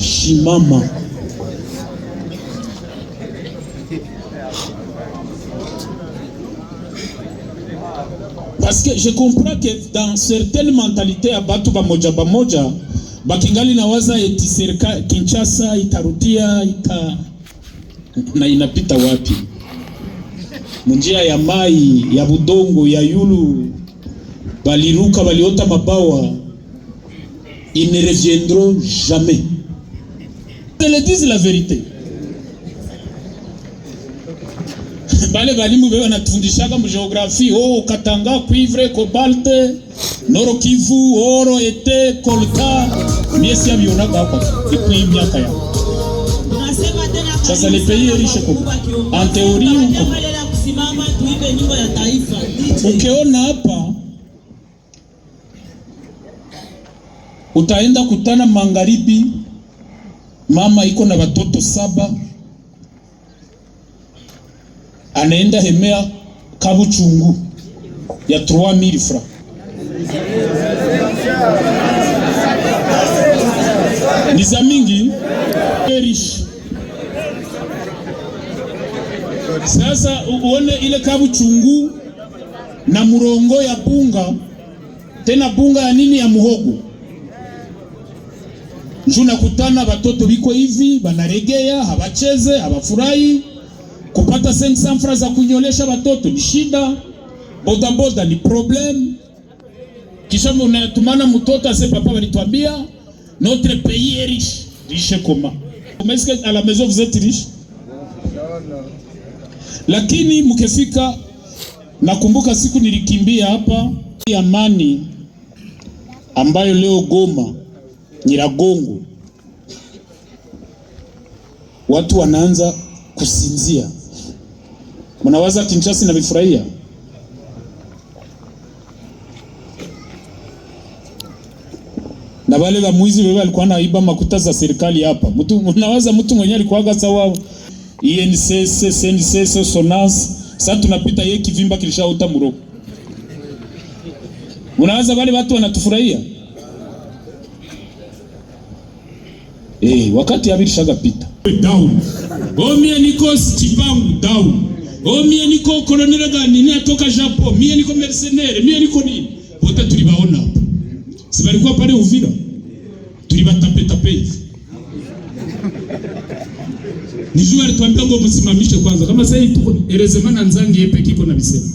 Simama parce que je comprends que dans certaines mentalités ya batu bamoja bamoja bakingali nawaza waza eti serikali Kinshasa itarudia ita na inapita wapi? Munjia ya mai ya budongo ya yulu, baliruka baliota mabawa, ils ne reviendront jamais te le dise la verite. Bale balimu be banatufundishaka mu geografia, oh Katanga, cuivre, kobalte, Noro Kivu, oro, ete, kolta, miesi ya bionaga hapa. miaka ya. Sasa le pays est ukeona kwa. hapa utaenda kutana magharibi mama iko na watoto saba, anaenda hemea kabuchungu ya mili fra ni za mingi erish. Sasa uone ile kabuchungu na murongo ya bunga tena bunga ya nini ya muhogo Junakutana batoto biko hivi banaregea habacheze, habafurahi. Kupata sensamfra za kunyolesha batoto ni shida, bodaboda ni problem. Kisha unatumana mtoto ase papa alitwambia notre pays est riche, riche comment? Est-ce la maison vous êtes riche? Lakini mkifika, nakumbuka siku nilikimbia hapa amani ambayo leo Goma Nyiragongo watu wanaanza kusinzia. Mnawaza Kinshasa inavifurahia? na wale wa mwizi wewe alikuwa anaiba makuta za serikali hapa. Mtu mnawaza mtu mwenyewe alikuwa gaza wao. INSS, SNSS, SONAS. Sasa tunapita yeye kivimba kilishauta muroko. Mnawaza wale watu wanatufurahia? Eh, wakati shaga pita. Down. Omie niko stipangu down. Omie niko kolonera gani ni atoka Japo. Mie niko mercenaire, mie niko nini? Wote tulibaona hapo. Si balikuwa pale Uvira. Tuliba tape hivi. Nijua alituambia ngo msimamishe kwanza. Kama sasa tuko elezemana nzangi yepe kiko na bisema.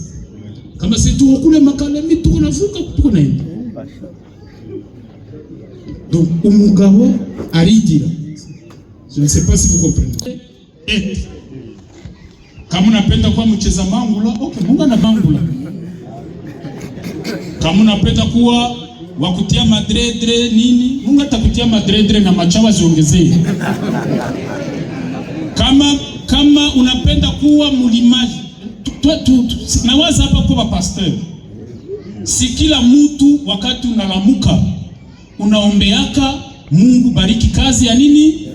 Kama sasa tuko kule makale mimi tuko navuka tuko naenda. Donc, umugabo arigira. Je ne sais pas si vous comprenez. Et, kama unapenda kuwa mcheza mangula, okay, munga na mangula. Kama unapenda kuwa wakutia madredre nini, munga atakutia madredre na machawa ziongezee. Kama kama unapenda kuwa mulimaji, nawaza hapa kuwa pasteur. Si kila mtu wakati unalamuka unaombeaka Mungu bariki kazi ya nini.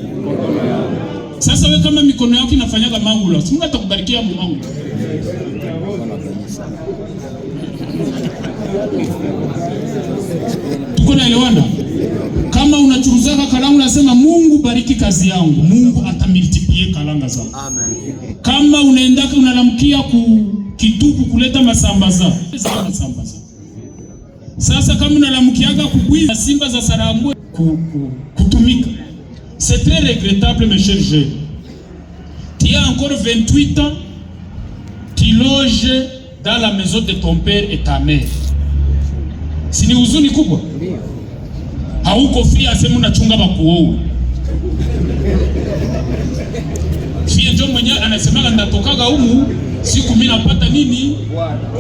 Sasa we kama mikono yako inafanyaga mangula, Mungu atakubarikia mmangu. Tuko naelewana? Kama unachuruzaka kalamu unasema Mungu bariki kazi yangu, Mungu atamiltipie kalanga zako. Amen. Kama unaendaka unalamkia ku kituku kuleta masambaza. Masambaza. Sasa kama unalamkiaga kubwiza Simba za Sarambwe kutumika, c'est très regrettable mes chers jeunes. Tu as encore 28 ans, tu loges dans la maison de ton père et ta mère. Si ni huzuni kubwa, hauko free asema unachunga bakuou fie njo mwenye anasemaga ndatokaga humu siku mimi napata nini?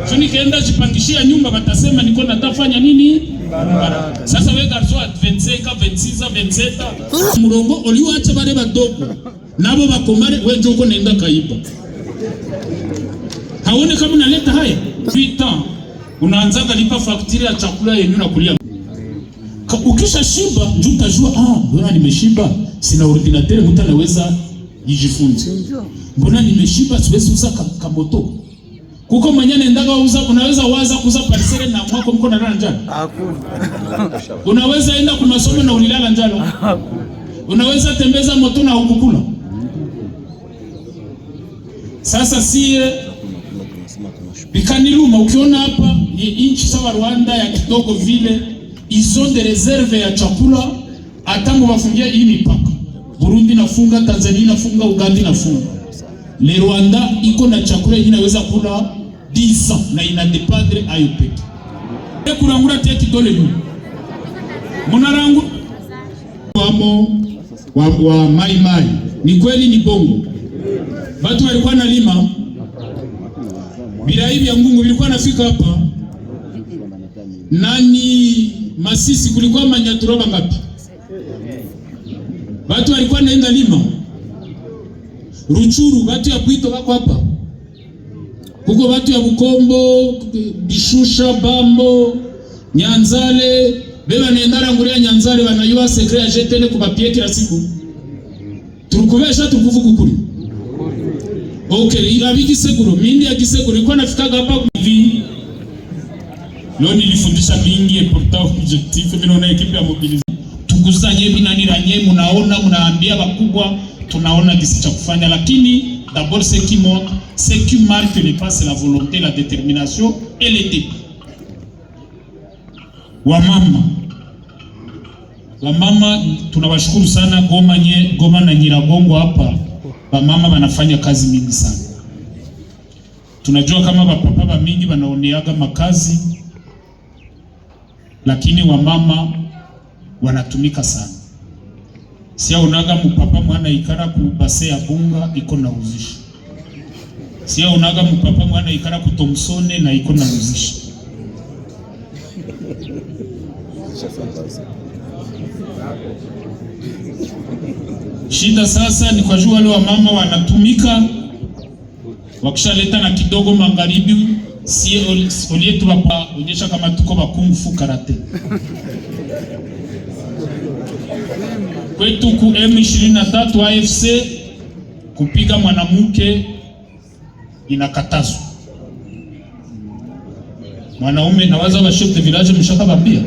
Sio nikaenda jipangishia nyumba, watasema niko natafanya nini? Sasa wewe garso at 25 26 27 murongo uliwacha bare badoko nabo bakomare, wewe ndio uko naenda kaiba. Haone kama unaleta haya vita, unaanza kulipa fakturi ya chakula yenu na kulia. Ukisha shiba ndio utajua, ah, bora nimeshiba, sina ordinateur mtu anaweza nijifunze. Mbona nimeshiba siwezi uza kamoto? Kuko mwenye nendaga uza, unaweza waza kuza parcele na mwako mko na njala njala. Unaweza enda kuna somo na unilala njala. Unaweza tembeza moto na hukukula. Sasa sie bikaniluma, ukiona hapa ni inchi sawa Rwanda ya kidogo vile, izonde de reserve ya chakula hata wafungia hii mipaka Burundi nafunga, Tanzania nafunga, Uganda nafunga. Le Rwanda iko na chakula inaweza kula disa na ina à eux peu. E kurangura te kidole ni. Munarangu wamo wa, wa mai mai. Ni kweli ni bongo. Watu walikuwa na lima. Bila hivi ya ngungu vilikuwa nafika hapa. Nani Masisi kulikuwa manyaturoba ngapi? Watu walikuwa naenda lima Ruchuru, watu ya Bwito wako hapa, huko watu ya Bukombo, Bishusha, Bambo, Nyanzale beba nenda ranguria Nyanzale wanayua sekre ya jetele kubapie kila siku turukubesha tukufu kuri okay ila ilabiki seguro mindi ya kiseguro nilikuwa nafikaga hapa kuvi leo nilifundisha mingi et pourtant objectif mimi naona ekipe ya mobilize mnajikusanya hivi nani ranye, mnaona mnaambia wakubwa, tunaona jinsi cha kufanya, lakini d'abord ce qui montre ce qui marque le pas c'est la volonté la détermination et le débit. Wamama, mama, tunawashukuru sana Goma, nye, Goma na Nyiragongo hapa mama wanafanya kazi mingi sana. Tunajua kama bapapa wa mingi wanaoneaga makazi, lakini wamama wanatumika sana sia unaga mupapa mwana ikara kubase ya bunga iko na uzishi sia unaga mupapa mwana ikara ku na iko na uzishi shida sasa ni kwa jua wale mama wanatumika wakishaleta na kidogo magharibi, si olietu wapaonyesha kama tuko bakungufu karate kwetu ku M23 AFC kupiga mwanamke inakatazwa. Mwanaume nawaza wa chef de village mshaka bambia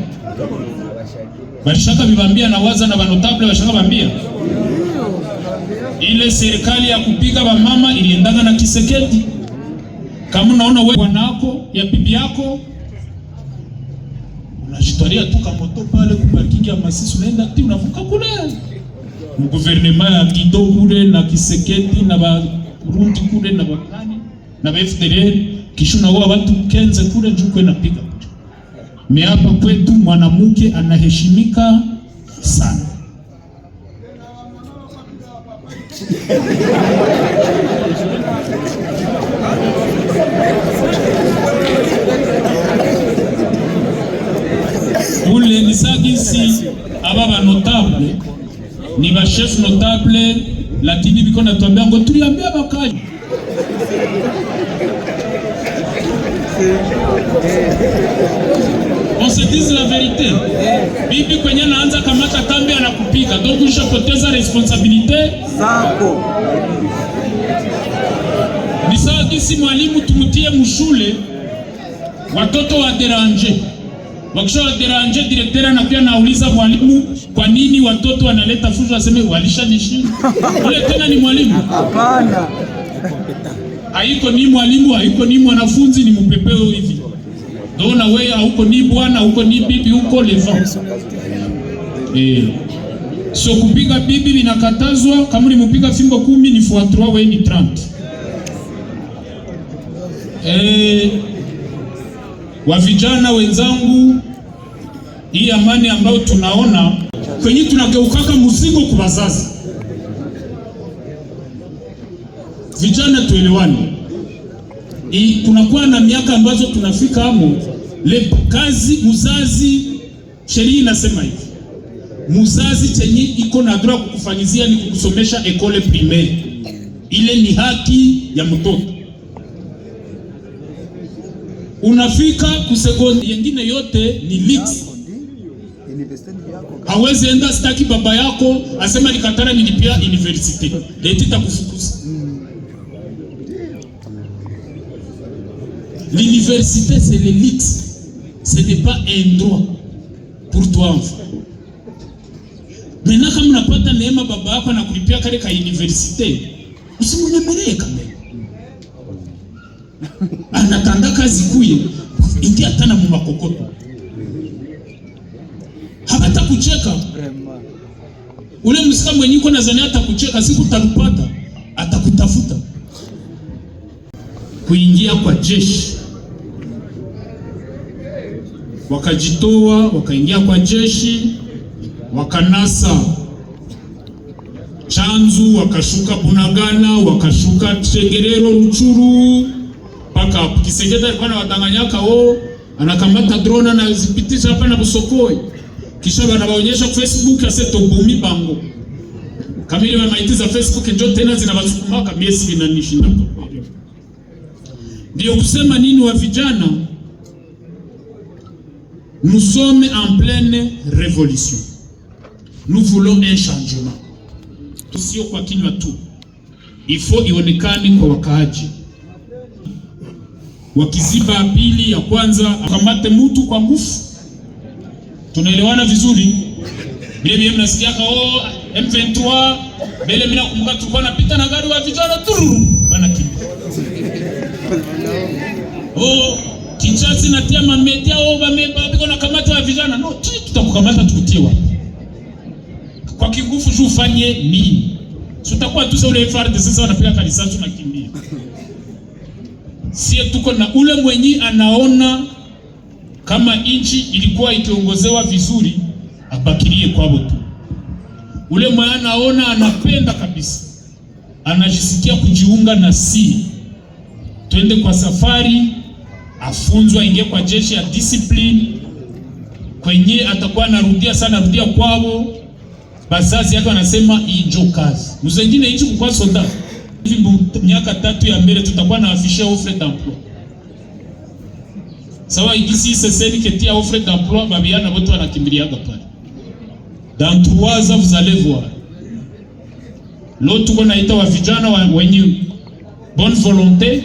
barishaka bibambia nawaza na banotable bashaka bambia. Ile serikali ya kupiga bamama iliendana na kiseketi. Kama unaona wewe wanako ya bibi yako unajitwalia tu kamoto pale kuparking ya Masisi, unaenda ti unavuka kule mguvernema ya Kido kule na kiseketi na Barundi kule na Bakani na kisho na wao watu kenze kule juu kwenda piga me. Hapa kwetu mwanamke anaheshimika sana basi aba ba notable ni ba chef notable, lakini biko natuambia ngo tuliambia bakaji On se dise la verite, bibi kwenye naanza kamata kambi anakupika, donc ushapoteza responsabilite zako. Ni sawa kisi mwalimu tumutie mushule watoto wa deranje wakishageranja direktera na pia nauliza mwalimu, kwa nini watoto wanaleta fujo? walisha walishanishinda ule tena ni mwalimu hapana, haiko ni mwalimu, haiko ni mwanafunzi, ni mpepeo hivi dona wewe, hauko ni bwana, huko ni bibi, huko leva eh. So kupiga bibi linakatazwa, kama limupiga fimbo kumi ni fois 3 wewe ni 30 eh. Wa vijana wenzangu hii amani ambayo tunaona kwenye tunageukaka mzigo kwa wazazi. Vijana tuelewane, kunakuwa na miaka ambazo tunafika hamo le kazi mzazi, sheria inasema hivi muzazi chenye iko na droit kukufanyizia ni kukusomesha ekole primaire. Ile ni haki ya mtoto. Unafika kusekondi, yengine yote ni lix Hawezi enda sitaki baba yako asema nikatana nilipia university. Leti itakufukuza. L'université c'est l'élite. Ce n'est pas un droit pour toi enfant. Mena kama unapata neema baba yako anakulipia kale ka university. Usimulemelee kame Anatanga kazi kuye. Ingia tena mu atakucheka ule msika mwenye uko nazania, atakucheka siku utalupata, atakutafuta. Kuingia kwa jeshi, wakajitoa wakaingia kwa jeshi, wakanasa Chanzu, wakashuka Bunagana, wakashuka Tengerero, Ruchuru mpaka Kisegeta. na watanganyaka o anakamata drona zipitisha hapa na Busokoi kisha banabaonyesha ku Facebook ase tobumi bango kamili wa maiti za Facebook njo tena zinabasukuma kamiesi vinanishinda. Ndio kusema nini wa vijana, nous sommes en pleine révolution, nous voulons un changement. Tusio kwa kinywa tu, ifo ionekane kwa wakaaji. Wakiziba pili ya kwanza, akamate mtu kwa nguvu tunaelewana vizuri vile vile, mnasikiaka oh, M23 mbele. Mimi nakumbuka tulikuwa napita na gari wa vijana turu bana kimi oh kichasi na tema media oh bameba biko na kamata wa vijana no, tu tutakukamata tukutiwa kwa kingufu, juu ufanye nini? Sitakuwa tu sasa ule FARDC sasa wanapiga kanisa kimbia Sie tuko na ule mwenye anaona kama nchi ilikuwa ikiongozewa vizuri, abakirie kwao tu. Ule mwana naona anapenda kabisa, anajisikia kujiunga na si twende kwa safari, afunzwa ingie kwa jeshi ya discipline kwenye atakuwa anarudia sana, rudia kwao. Bazazi yake wanasema injo kazi mzengine ichi kukwa soda hivi, miaka tatu ya mbele tutakuwa na afisha ofre d'emploi sawa igisi seseni ketia offre d'emploi babiana bote wanakimbiliaga pale dans trois ans vous allez voir lotuko naita wa vijana wa wenye bonne volonté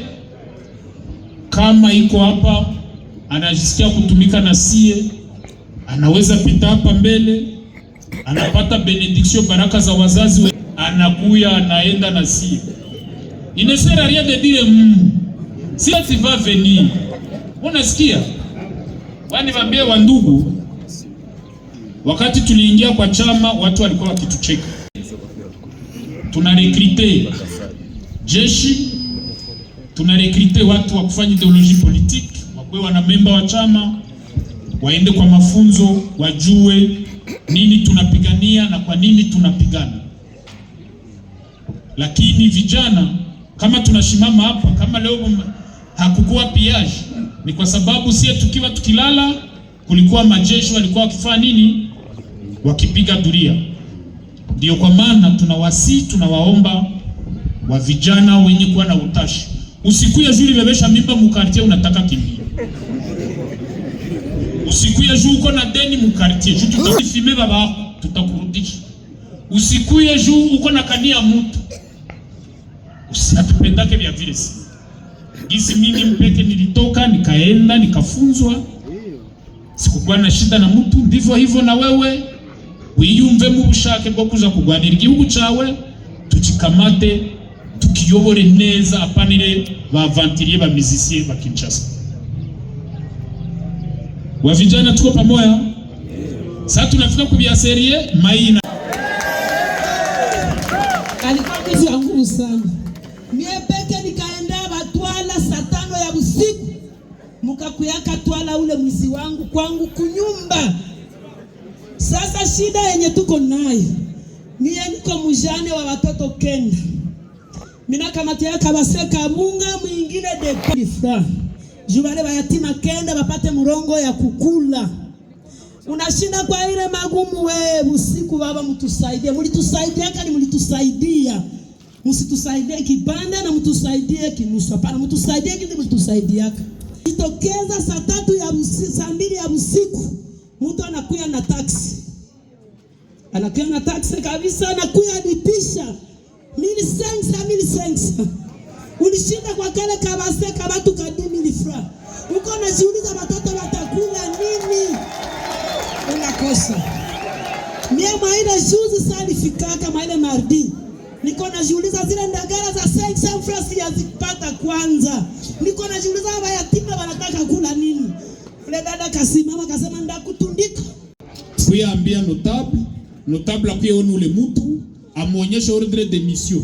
kama iko hapa anajisikia kutumika na sie, anaweza pita hapa mbele, anapata benediction baraka za wazazi we, anakuya anaenda na sie inesera rien de dire mm, si va venir Unasikia? Wani niwaambie wa ndugu, wakati tuliingia kwa chama watu walikuwa wakitucheka. Tunarekrite jeshi, tunarekrite watu wa kufanya ideoloji politiki, wakuwe wana memba wa chama, waende kwa mafunzo, wajue nini tunapigania na kwa nini tunapigana. Lakini vijana kama tunashimama hapa, kama leo hakukuwa piaji ni kwa sababu sie tukiwa tukilala, kulikuwa majeshi walikuwa wakifanya nini? Wakipiga duria. Ndio kwa maana tunawasi, tunawaomba wa vijana wenye kuwa na utashi, usiku ya juu libebesha mimba mukartie, unataka kimbia usiku ya juu uko na deni mukartie, juu tutakifime baba wako, tutakurudisha. Usiku ya juu uko na kania mtu, usiatupendake vya vile Gisi mimi mpeke nilitoka nikaenda nikafunzwa, sikukuwa na shida na mtu. Ndivyo hivyo na wewe wiyumvemo ubushake bwo kuza kugwanira igihugu cawe, tukikamate tukiyobore neza, apanire bavantirie ventilier ba musicien ba Kinshasa. Wa vijana tuko pamoja. Sasa tunafika kubia serie maina alikuwa nguvu sana ya usiku mukakuyaka twala ule mwizi wangu kwangu kunyumba. Sasa shida yenye tuko nayo niye niko mujane wa watoto kenda minakamatiaka baseka munga mwingine defra juvale bayatima kenda bapate murongo ya kukula. Unashinda kwa ile magumu, we usiku, baba mutusaidie, mulitusaidiaka ni mulitusaidia usitusaidie kipande na mtusaidie kinusu, hapana, mtusaidie kile mtusaidiaka. Jitokeza saa tatu ya msi, saa mbili ya msiku, mtu anakuya na taksi, anakuya na taksi kabisa, anakuya lipisha mili sensa mili sensa, ulishinda kwa kale kabase kabatu kadi mili fra, uko najiuliza watoto watakula nini? Unakosa mie maile juzi saa lifikaka maile mardi Niko najiuliza zile ndagara za yazipata kwanza. Niko najiuliza hawa wanataka kula nini? Ule dada kasimama kasema ndakutundika. Kuyaambia notable, notable akuyeona ule mutu amuonyesha ordre de mission.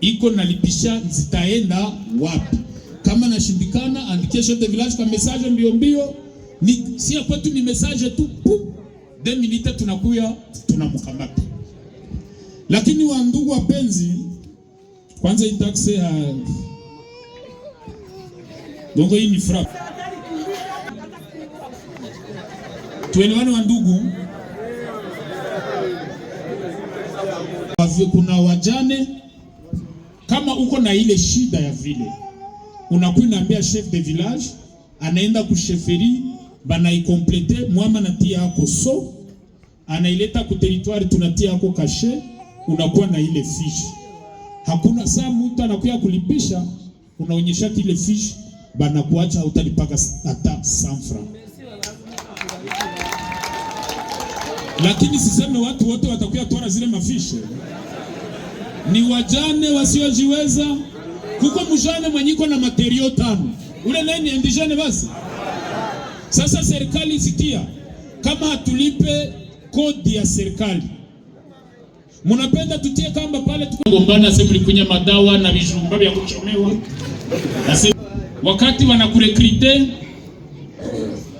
Iko nalipisha zitaenda wapi? Kama nashindikana andikia chef de village kwa message mbio mbio. Ni si kwetu ni message tu. de minutes tunakuya tunamkamata. Lakini wa ndugu wapenzi, kwanza itakse eh, ha... Ah. Bongo hii ni frap. Tuelewane wa ndugu. Kuna wajane kama uko na ile shida ya vile unakuwa unaambia chef de village anaenda kusheferi banaikomplete mwama natia yako so anaileta ku territoire tunatia yako kashe unakuwa na ile fish. Hakuna saa mtu anakuya kulipisha, unaonyesha ile fish bana kuacha, utalipaka hata sanfra. Lakini siseme watu wote watakuya twara zile mafishi ni wajane wasiojiweza kuko mujane mwenyiko na materio tano ule naye ni indigene basi. Sasa serikali sikia, kama hatulipe kodi ya serikali Munapenda tutie kamba pale tukugombana sasa ulikunya madawa na vijumba vya kuchomewa. Nasi wakati wanakurekrite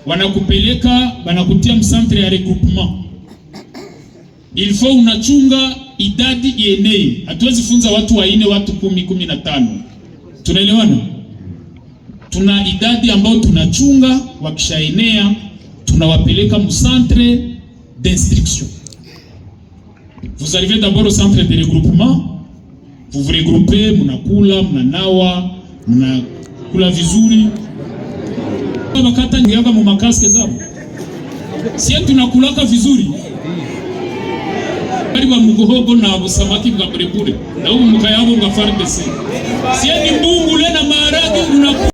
wanakupeleka wanakutia msantre ya regroupement. Il faut unachunga idadi ienee. Hatuwezi funza watu waine watu kumi kumi na tano. Tunaelewana? Tuna idadi ambayo tunachunga, wakishaenea tunawapeleka msantre d'instruction. Vous arrivez d'abord au centre de regroupement, vous vous regroupez, mnakula, mnanawa, mnakula vizuri. Wakata mu makaske zao. Sie tunakulaka vizuri. Bari ba mugohogo na busamaki bwa burebure. Na ubu mukayabo bwa farmese. Sie ni mbungule na maharage unakula